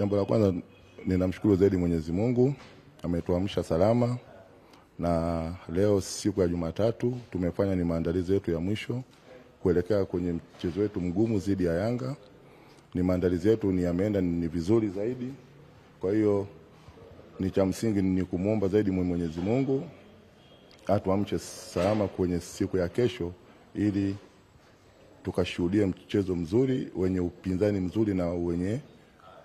Jambo la kwanza ninamshukuru zaidi Mwenyezi Mungu ametuamsha salama, na leo siku ya Jumatatu tumefanya ni maandalizi yetu ya mwisho kuelekea kwenye mchezo wetu mgumu dhidi ya Yanga. Ni maandalizi yetu ni yameenda ni vizuri zaidi, kwa hiyo ni cha msingi ni kumwomba zaidi Mwenyezi Mungu atuamshe salama kwenye siku ya kesho ili tukashuhudia mchezo mzuri wenye upinzani mzuri na wenye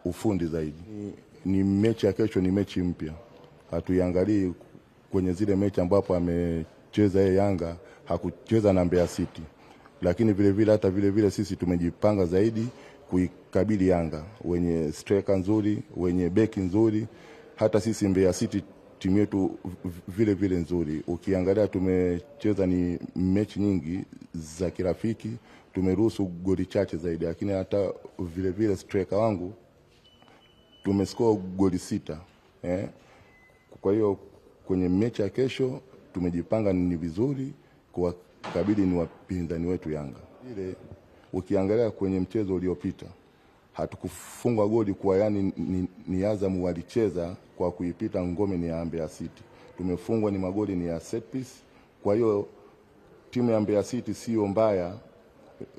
ufundi zaidi. Ni, ni mechi ya kesho, ni mechi mpya, hatuiangalii kwenye zile mechi ambapo amecheza yeye Yanga hakucheza na Mbeya City, lakini vilevile hata vilevile sisi tumejipanga zaidi kuikabili Yanga, wenye striker nzuri, wenye beki nzuri, hata sisi Mbeya City timu yetu vile vile nzuri. Ukiangalia tumecheza ni mechi nyingi za kirafiki, tumeruhusu goli chache zaidi, lakini hata vile striker wangu tumescore goli sita eh. Kwa hiyo kwenye mechi ya kesho tumejipanga ni vizuri kuwakabili ni wapinzani wetu Yanga. Ile ukiangalia kwenye mchezo uliopita hatukufungwa goli kwa yani ni, ni Azamu walicheza kwa kuipita ngome ni ya Mbeya City, tumefungwa ni magoli ni ya set piece. Kwa hiyo timu ya Mbeya City sio mbaya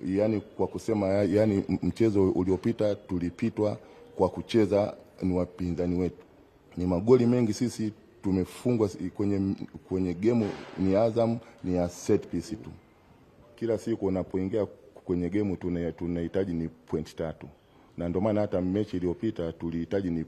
yani kwa kusema yani mchezo uliopita tulipitwa kwa kucheza ni wapinzani wetu. Ni magoli mengi sisi tumefungwa kwenye, kwenye gemu ni Azam ni ya set piece tu. Kila siku unapoingia kwenye gemu tunahitaji ni point tatu, na ndio maana hata mechi iliyopita tulihitaji ni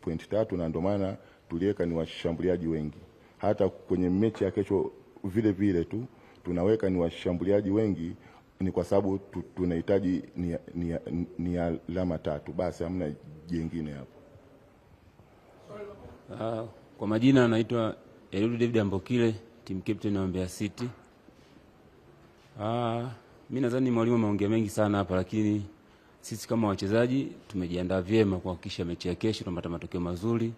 point tatu, na ndio maana tuliweka ni washambuliaji wengi. Hata kwenye mechi ya kesho vile vile tu tunaweka ni washambuliaji wengi ni kwa sababu tunahitaji ni, ni, ni alama tatu, basi hamna jengine hapo. Uh, kwa majina anaitwa Eliud David Ambokile, team captain wa Mbeya City. Uh, mi nadhani mwalimu ameongea mengi sana hapa, lakini sisi kama wachezaji tumejiandaa vyema kuhakikisha mechi ya kesho tunapata matokeo mazuri.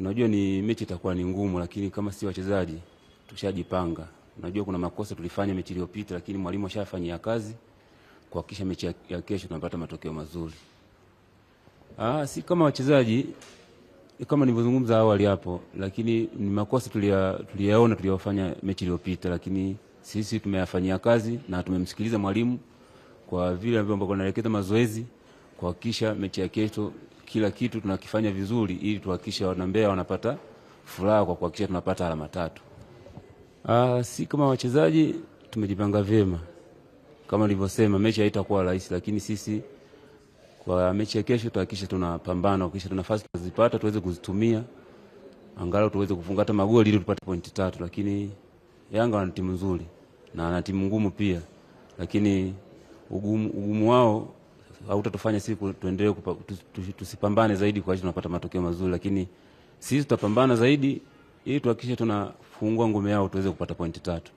Unajua ni mechi itakuwa ni ngumu, lakini kama si wachezaji tushajipanga. Najua kuna makosa tulifanya mechi iliyopita, lakini mwalimu ashafanyia kazi kuhakikisha mechi ya kesho tunapata matokeo mazuri. Ah, si kama wachezaji kama nilivyozungumza awali hapo, lakini ni makosa tuliyaona tuliyofanya mechi iliyopita, lakini sisi tumeyafanyia kazi na tumemsikiliza mwalimu kwa vile ambavyo anaelekeza mazoezi kuhakikisha mechi ya kesho kila kitu tunakifanya vizuri, ili tuhakikisha wanambea wanapata furaha kwa kuhakikisha tunapata alama tatu. Uh, si kama wachezaji tumejipanga vyema kama nilivyosema, mechi haitakuwa rahisi, lakini sisi kwa mechi ya kesho tutahakikisha tunapambana, kisha tuna nafasi tunazipata tuweze kuzitumia, angalau tuweze kufunga hata magoli ili tupate pointi tatu. Lakini Yanga wana timu nzuri na ana timu ngumu pia, lakini ugumu, ugumu wao hautatufanya sisi tuendelee tusipambane zaidi, kwa hiyo tunapata matokeo mazuri, lakini sisi tutapambana zaidi ili tuhakikishe tunafungua ngome yao tuweze kupata pointi tatu.